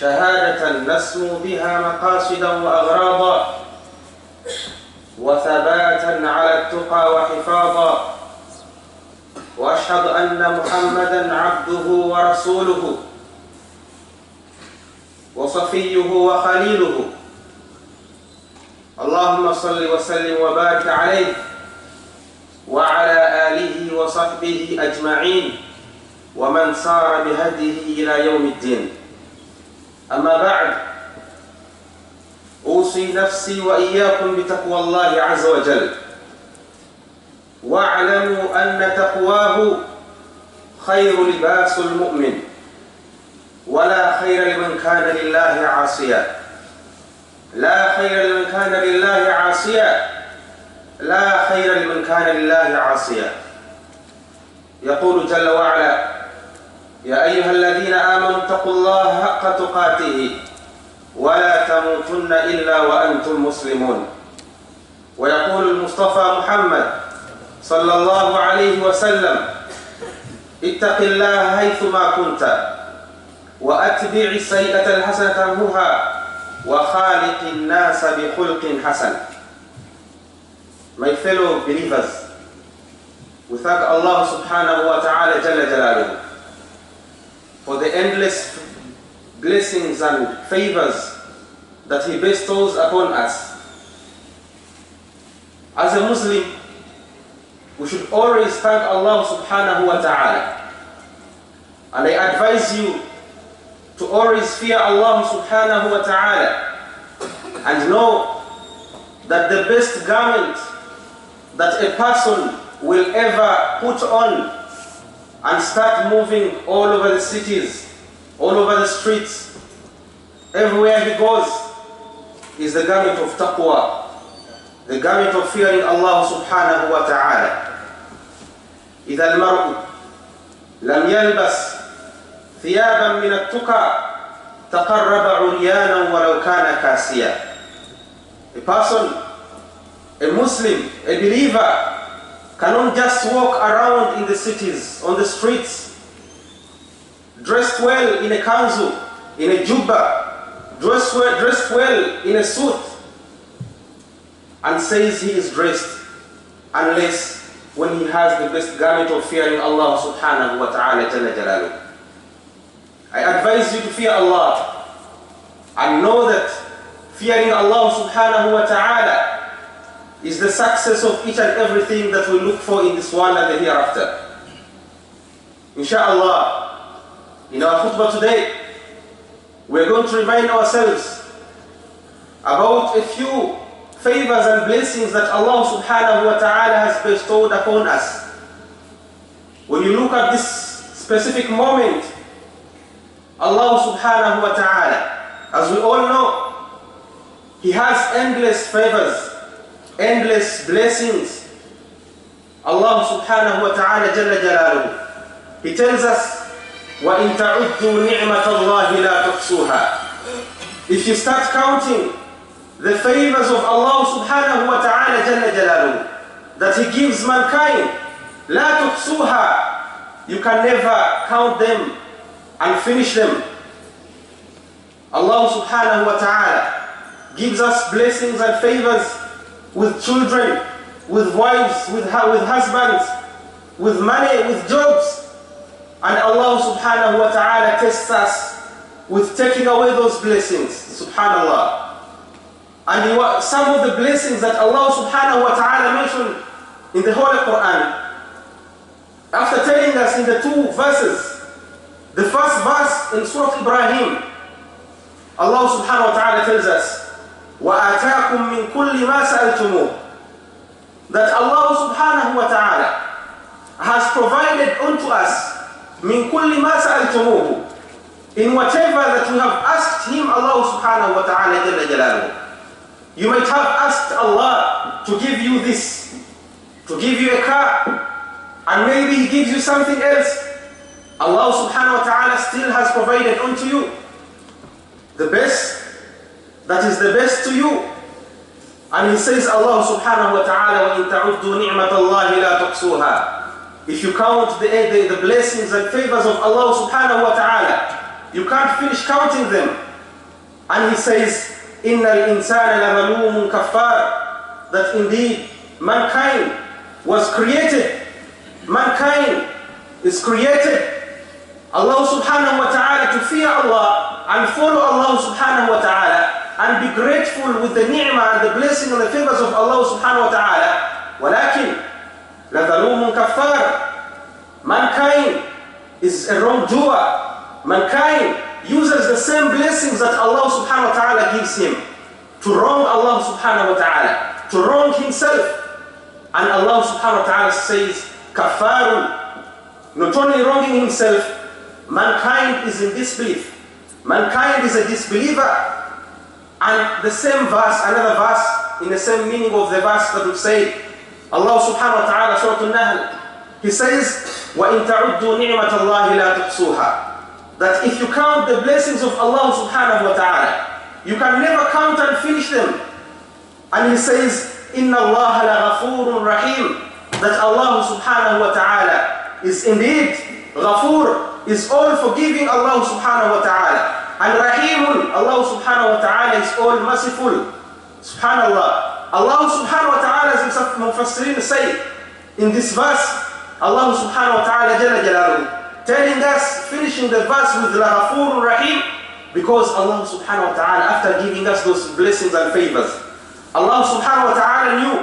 شهادة نسمو بها مقاصدا وأغراضا وثباتا على التقى وحفاظا وأشهد أن محمدا عبده ورسوله وصفيه وخليله اللهم صل وسلم وبارك عليه وعلى آله وصحبه أجمعين ومن سار بهديه إلى يوم الدين أما بعد أوصي نفسي وإياكم بتقوى الله عز وجل واعلموا أن تقواه خير لباس المؤمن ولا خير لمن كان لله عاصيا لا خير لمن كان لله عاصيا لا خير لمن كان لله عاصيا يقول جل وعلا يا أيها الذين آمنوا اتقوا الله حق تقاته ولا تموتن إلا وأنتم مسلمون ويقول المصطفى محمد صلى الله عليه وسلم اتق الله حيثما كنت وأتبع السيئة الحسنة تمهها وخالق الناس بخلق حسن My fellow believers, we thank Allah subhanahu wa ta'ala jalla jalaluhu for the endless blessings and favors that He bestows upon us. As a Muslim, we should always thank Allah subhanahu wa ta'ala. And I advise you to always fear Allah subhanahu wa ta'ala and know that the best garment that a person will ever put on and start moving all over the cities, all over the streets. Everywhere he goes is the garment of taqwa, the garment of fearing Allah subhanahu wa ta'ala. إذا المرء لم يلبس ثيابا من التقى تقرب عريانا ولو كان كاسيا. A person, a Muslim, a believer cannot just walk around in the cities, on the streets, dressed well in a kanzu, in a jubba, dressed well, dressed well in a suit, and says he is dressed, unless when he has the best garment of fearing Allah subhanahu wa ta'ala jalla jalalu. I advise you to fear Allah and know that fearing Allah subhanahu wa ta'ala is the success of each and everything that we look for in this world and the hereafter. Insha'Allah, in our khutbah today, we're going to remind ourselves about a few favors and blessings that Allah subhanahu wa ta'ala has bestowed upon us. When you look at this specific moment, Allah subhanahu wa ta'ala, as we all know, He has endless favors endless blessings. Allah subhanahu wa ta'ala jalla jalaluhu. He tells us, وَإِن تَعُدُّوا نِعْمَةَ اللَّهِ لَا تُحْصُوهَا If you start counting the favors of Allah subhanahu wa ta'ala jalla jalaluhu that He gives mankind, لَا تُحْصُوهَا You can never count them and finish them. Allah subhanahu wa ta'ala gives us blessings and favors with children, with wives, with, with husbands, with money, with jobs. And Allah subhanahu wa ta'ala tests us with taking away those blessings, subhanallah. And some of the blessings that Allah subhanahu wa ta'ala mentioned in the Holy Quran, after telling us in the two verses, the first verse in Surah Ibrahim, Allah subhanahu wa ta'ala tells us, وَآتَاكُم مِّن كُلِّ مَا سَأَلْتُمُوهُ That Allah subhanahu wa ta'ala has provided unto us مِن كُلِّ مَا سَأَلْتُمُوهُ In whatever that you have asked Him, Allah subhanahu wa ta'ala جل جلاله You might have asked Allah to give you this, to give you a car, and maybe He gives you something else. Allah subhanahu wa ta'ala still has provided unto you. The best that is the best to you. And he says, Allah subhanahu wa ta'ala, وَإِن تَعُدُّوا نِعْمَةَ اللَّهِ لَا If you count the, the, the blessings and favors of Allah subhanahu wa ta'ala, you can't finish counting them. And he says, إِنَّ الْإِنسَانَ لَظَلُومٌ كَفَّارٌ That indeed, mankind was created. Mankind is created. Allah subhanahu wa ta'ala to fear Allah and follow Allah subhanahu wa ta'ala and be grateful with the ni'mah and the blessing and the favors of Allah subhanahu wa ta'ala. ولكن لظلوم كفار Mankind is a wrongdoer. Mankind uses the same blessings that Allah subhanahu wa ta'ala gives him to wrong Allah subhanahu wa ta'ala, to wrong himself. And Allah subhanahu wa ta'ala says, kafaru. Not only wronging himself, mankind is in disbelief. Mankind is a disbeliever. And the same verse, another verse, in the same meaning of the verse that we say, Allah subhanahu wa ta'ala, Surah Al-Nahl, He says, وَإِن تَعُدُّوا نِعْمَةَ اللَّهِ لَا That if you count the blessings of Allah subhanahu wa ta'ala, you can never count and finish them. And He says, إِنَّ اللَّهَ لَغَفُورٌ رَحِيمٌ That Allah subhanahu wa ta'ala is indeed Ghafur, is all forgiving Allah subhanahu wa ta'ala. And Rahimun, Allah subhanahu wa ta'ala is all merciful. Subhanallah. Allah subhanahu wa ta'ala himself Mufassirin say in this verse, Allah subhanahu wa ta'ala is jalalu, telling us, finishing the verse with Lahafur Rahim, because Allah subhanahu wa ta'ala, after giving us those blessings and favors, Allah subhanahu wa ta'ala knew,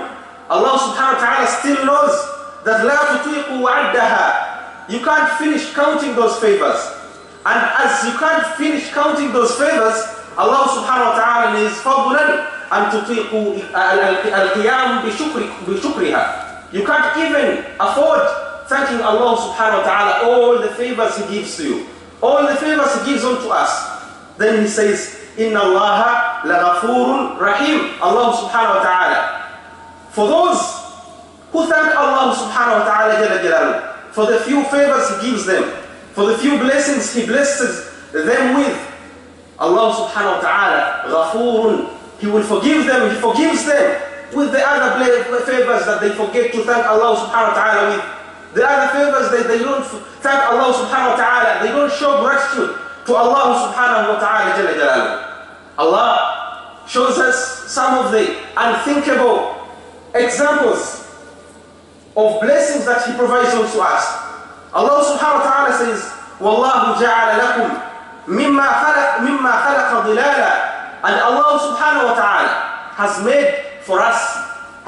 Allah subhanahu wa ta'ala still knows that لا تطيق وعدها. You can't finish counting those favors. And as you can't finish counting those favors, Allah subhanahu wa ta'ala is فَضْلًا أَن تُطِيقُوا الْقِيَامُ بِشُكْرِهَا You can't even afford thanking Allah subhanahu wa ta'ala all the favors He gives to you. All the favors He gives unto us. Then He says, إِنَّ اللَّهَ لَغَفُورٌ رَحِيمٌ Allah subhanahu wa ta'ala. For those who thank Allah subhanahu wa ta'ala for the few favors He gives them, for the few blessings He blesses them with, Allah subhanahu wa ta'ala, غَفُورٌ He will forgive them, He forgives them with the other favors that they forget to thank Allah subhanahu wa ta'ala with. The other favors that they don't thank Allah subhanahu wa ta'ala, they don't show gratitude to Allah subhanahu wa ta'ala Allah shows us some of the unthinkable examples of blessings that He provides unto us. Allah subhanahu wa ta'ala says, وَاللَّهُ جَعَلَ لَكُمْ مِمَّا خَلَقْ, مما خلق ظِلَالًا And Allah subhanahu wa ta'ala has made for us,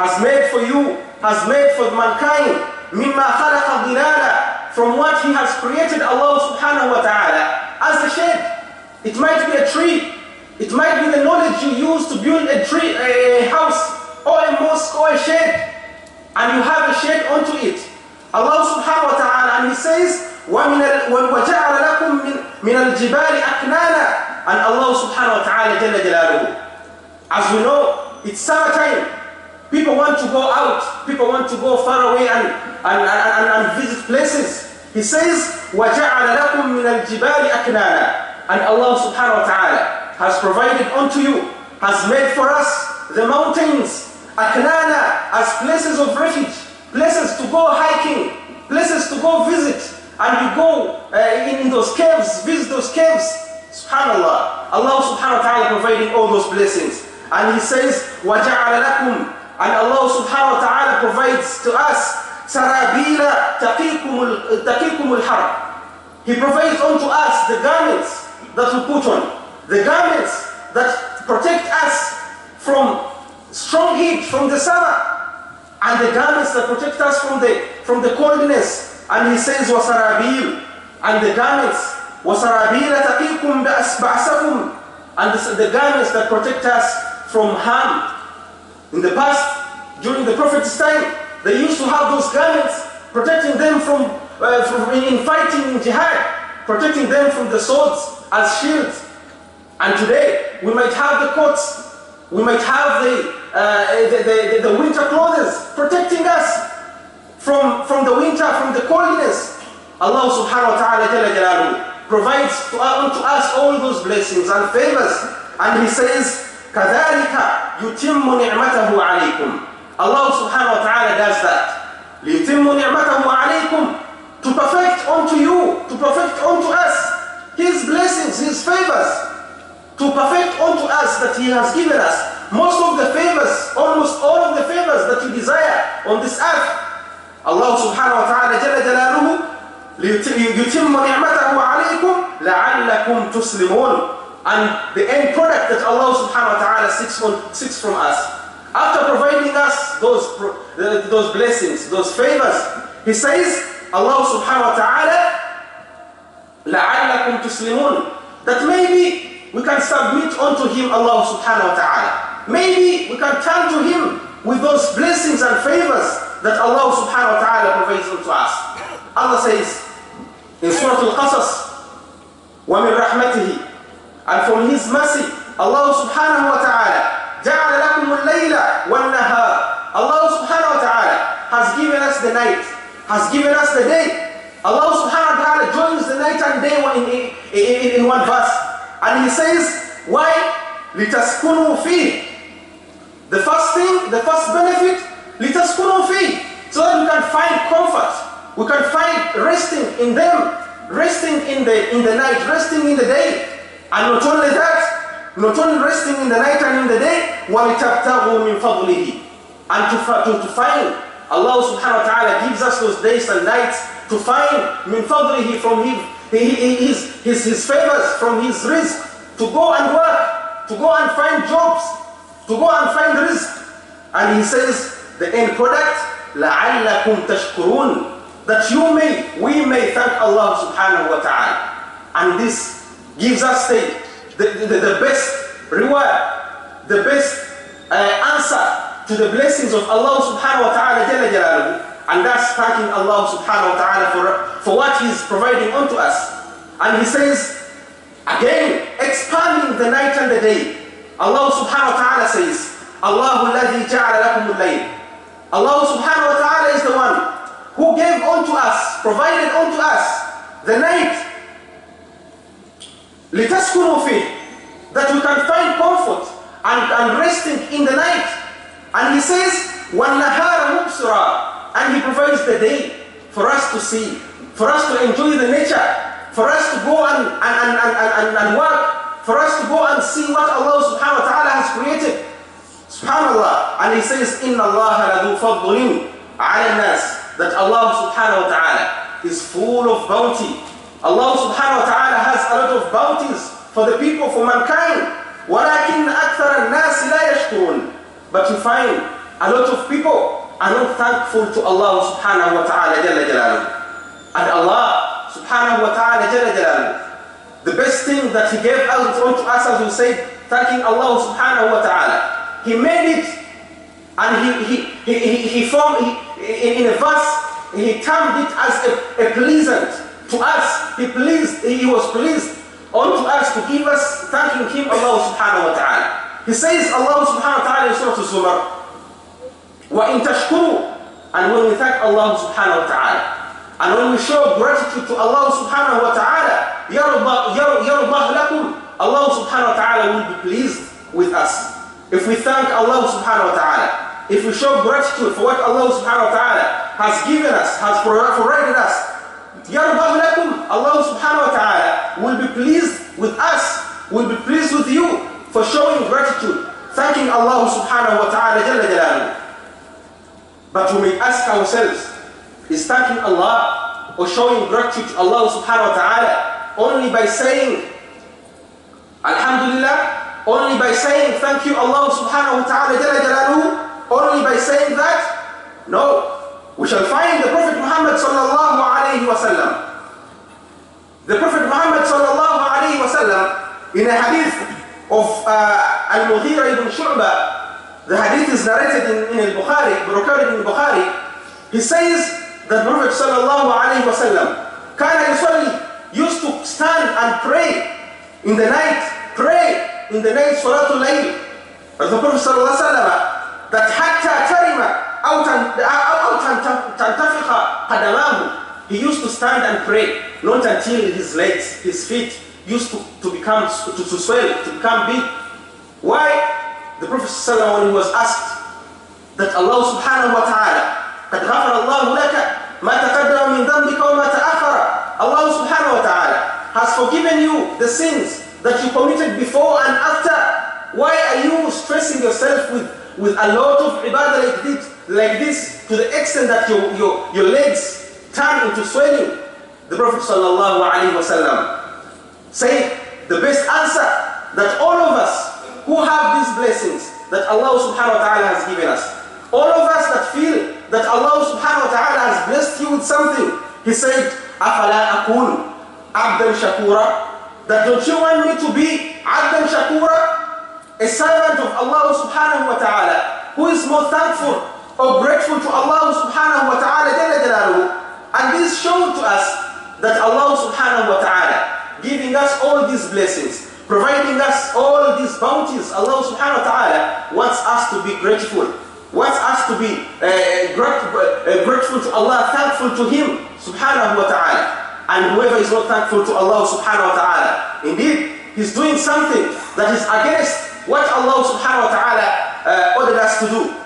has made for you, has made for mankind, مِمَّا خَلَقَ ظِلَالًا From what He has created, Allah subhanahu wa ta'ala, as a shade. It might be a tree. It might be the knowledge you use to build a tree, a house, or a mosque, or a shed. And you have a shade onto it. Allah subhanahu wa ta'ala, and He says, وَمِنَ وَجَعَلَ لَكُم مِّن, الْجِبَالِ أَكْنَانًا And Allah subhanahu wa ta'ala, Jalla Jalaluhu. As we know, it's summertime. People want to go out. People want to go far away and, and, and, and visit places. He says, وَجَعَلَ لَكُم مِّنَ الْجِبَالِ أَكْنَانًا And Allah subhanahu wa ta'ala has provided unto you, has made for us the mountains, أَكْنَانًا as places of refuge places to go hiking, places to go visit. And you go uh, in those caves, visit those caves. Subhanallah. Allah subhanahu wa ta'ala providing all those blessings. And He says, وَجَعَلَ لَكُمْ And Allah subhanahu wa ta'ala provides to us سَرَابِيلَ تَقِيكُمُ الْحَرْبِ He provides unto us the garments that we put on. The garments that protect us from strong heat, from the summer and the garments that protect us from the, from the coldness. And he says, "Wasarabil," And the garments, وَسَرَابِيلَ تَقِيكُمْ بَأَسْبَعْسَكُمْ And the, the garments that protect us from harm. In the past, during the Prophet's time, they used to have those garments protecting them from, uh, from in fighting in jihad, protecting them from the swords as shields. And today, we might have the coats we might have the, uh, the, the, the, winter clothes protecting us from, from the winter, from the coldness. Allah subhanahu wa ta'ala provides to, uh, unto us all those blessings and favors. And He says, كَذَلِكَ يُتِمُّ نِعْمَتَهُ عَلَيْكُمْ Allah subhanahu wa ta'ala does that. لِيُتِمُّ نِعْمَتَهُ عَلَيْكُمْ To perfect unto you, to perfect unto us His blessings, His favors to perfect unto us that He has given us most of the favors, almost all of the favors that you desire on this earth. Allah subhanahu wa ta'ala جل جلاله ليتم نعمته عليكم لعلكم tuslimun. and the end product that Allah subhanahu wa ta'ala seeks, from us. After providing us those, those blessings, those favors, He says, Allah subhanahu wa ta'ala لعلكم tuslimun. that maybe we can submit unto Him, Allah subhanahu wa ta'ala. Maybe we can turn to Him with those blessings and favors that Allah subhanahu wa ta'ala provides unto us. Allah says in Surah Al-Qasas, وَمِنْ رَحْمَتِهِ And from His mercy, Allah subhanahu wa ta'ala جَعَلَ لَكُمُ اللَّيْلَ وَالنَّهَارِ Allah subhanahu wa ta'ala has given us the night, has given us the day. Allah subhanahu wa ta'ala joins the night and day in, in, in, in one verse. And he says, why? لِتَسْكُنُوا فِيهِ The first thing, the first benefit, لِتَسْكُنُوا فِيهِ So that we can find comfort. We can find resting in them, resting in the, in the night, resting in the day. And not only that, not only resting in the night and in the day, وَلِتَبْتَغُوا مِنْ فَضْلِهِ And to, to find Allah subhanahu wa ta'ala gives us those days and nights to find min fadlihi from him, he, his, his, his favors from his risk to go and work, to go and find jobs, to go and find risk. And he says, the end product, لَعَلَّكُمْ تَشْكُرُونَ That you may, we may thank Allah subhanahu wa ta'ala. And this gives us the, the, the, best reward, the best uh, answer to the blessings of Allah subhanahu wa ta'ala and that's thanking Allah subhanahu wa ta'ala for, for what He's providing unto us. And He says, again, expanding the night and the day. Allah subhanahu wa ta'ala says, Allahu الَّذِي جَعَلَ لَكُمُ Layl. Allah subhanahu wa ta'ala is the one who gave unto us, provided unto us the night. لِتَسْكُنُوا فِيهِ That we can find comfort and, and resting in the night. And He says, وَالنَّهَارَ مُبْصِرًا and He provides the day for us to see, for us to enjoy the nature, for us to go and, and, and, and, and, and work, for us to go and see what Allah subhanahu wa ta'ala has created. Subhanallah. And He says, Inna Allah ladu fadlin ala nas. That Allah subhanahu wa ta'ala is full of bounty. Allah subhanahu wa ta'ala has a lot of bounties for the people, for mankind. ولكن أكثر الناس لا يشكرون. But you find a lot of people are you thankful to Allah subhanahu wa ta'ala jalla And Allah subhanahu wa ta'ala jalla the best thing that He gave us unto us as we say, thanking Allah subhanahu wa ta'ala. He made it and He, he, he, he, he formed, in, in a verse, He termed it as a, a pleasant to us. He pleased, He was pleased unto us to give us thanking Him Allah subhanahu wa ta'ala. He says Allah subhanahu wa ta'ala in Surah Al-Zumar, وَإِن تَشْكُرُوا And when we thank Allah subhanahu wa ta'ala, and when we show gratitude to Allah subhanahu wa ta'ala, يَرْضَهْ لَكُمْ Allah subhanahu wa ta'ala will be pleased with us. If we thank Allah subhanahu wa ta'ala, if we show gratitude for what Allah subhanahu wa ta'ala has given us, has provided us, يَرْضَهْ لَكُمْ Allah subhanahu wa ta'ala will be pleased with us, will be pleased with you for showing gratitude, thanking Allah subhanahu wa ta'ala جل جلاله. But we may ask ourselves, is thanking Allah or showing gratitude to Allah subhanahu wa ta'ala only by saying Alhamdulillah, only by saying thank you Allah subhanahu wa ta'ala jala only by saying that? No. We shall find the Prophet Muhammad sallallahu alayhi wa sallam. The Prophet Muhammad sallallahu alayhi wa sallam in a hadith of uh, Al-Mughira ibn Shu'bah the hadith is narrated in, in al-Bukhari, recorded in al-Bukhari. He says that Prophet sallallahu alayhi wasallam, kana used to stand and pray in the night, pray in the night, salatul layl. But the Prophet sallallahu alayhi wasallam, that hatta karima, أو تنتفخ قدماه He used to stand and pray, not until his legs, his feet used to, to become, to, to swell, to become big. Why? The Prophet ﷺ, when he was asked that Allah subhanahu wa ta'ala قد غفر الله لك ما تقدَر من ذنبك وما تأخر Allah subhanahu wa ta'ala has forgiven you the sins that you committed before and after. Why are you stressing yourself with, with a lot of ibadah like this, like this to the extent that your, your, your legs turn into swelling? The Prophet sallallahu Alaihi Wasallam said the best answer that all of us who have these blessings that Allah subhanahu wa ta'ala has given us. All of us that feel that Allah subhanahu wa ta'ala has blessed you with something, He said, أَفَلَا أَكُونُ عَبْدًا shakura That don't you want me to be عَبْدًا shakura A servant of Allah subhanahu wa ta'ala who is more thankful or grateful to Allah subhanahu wa ta'ala and this showed to us that Allah subhanahu wa ta'ala giving us all these blessings providing us all these bounties. Allah subhanahu wa ta'ala wants us to be grateful, wants us to be uh, grateful, uh, grateful to Allah, thankful to Him subhanahu wa ta'ala. And whoever is not thankful to Allah subhanahu wa ta'ala, indeed, he's doing something that is against what Allah subhanahu wa ta'ala uh, ordered us to do.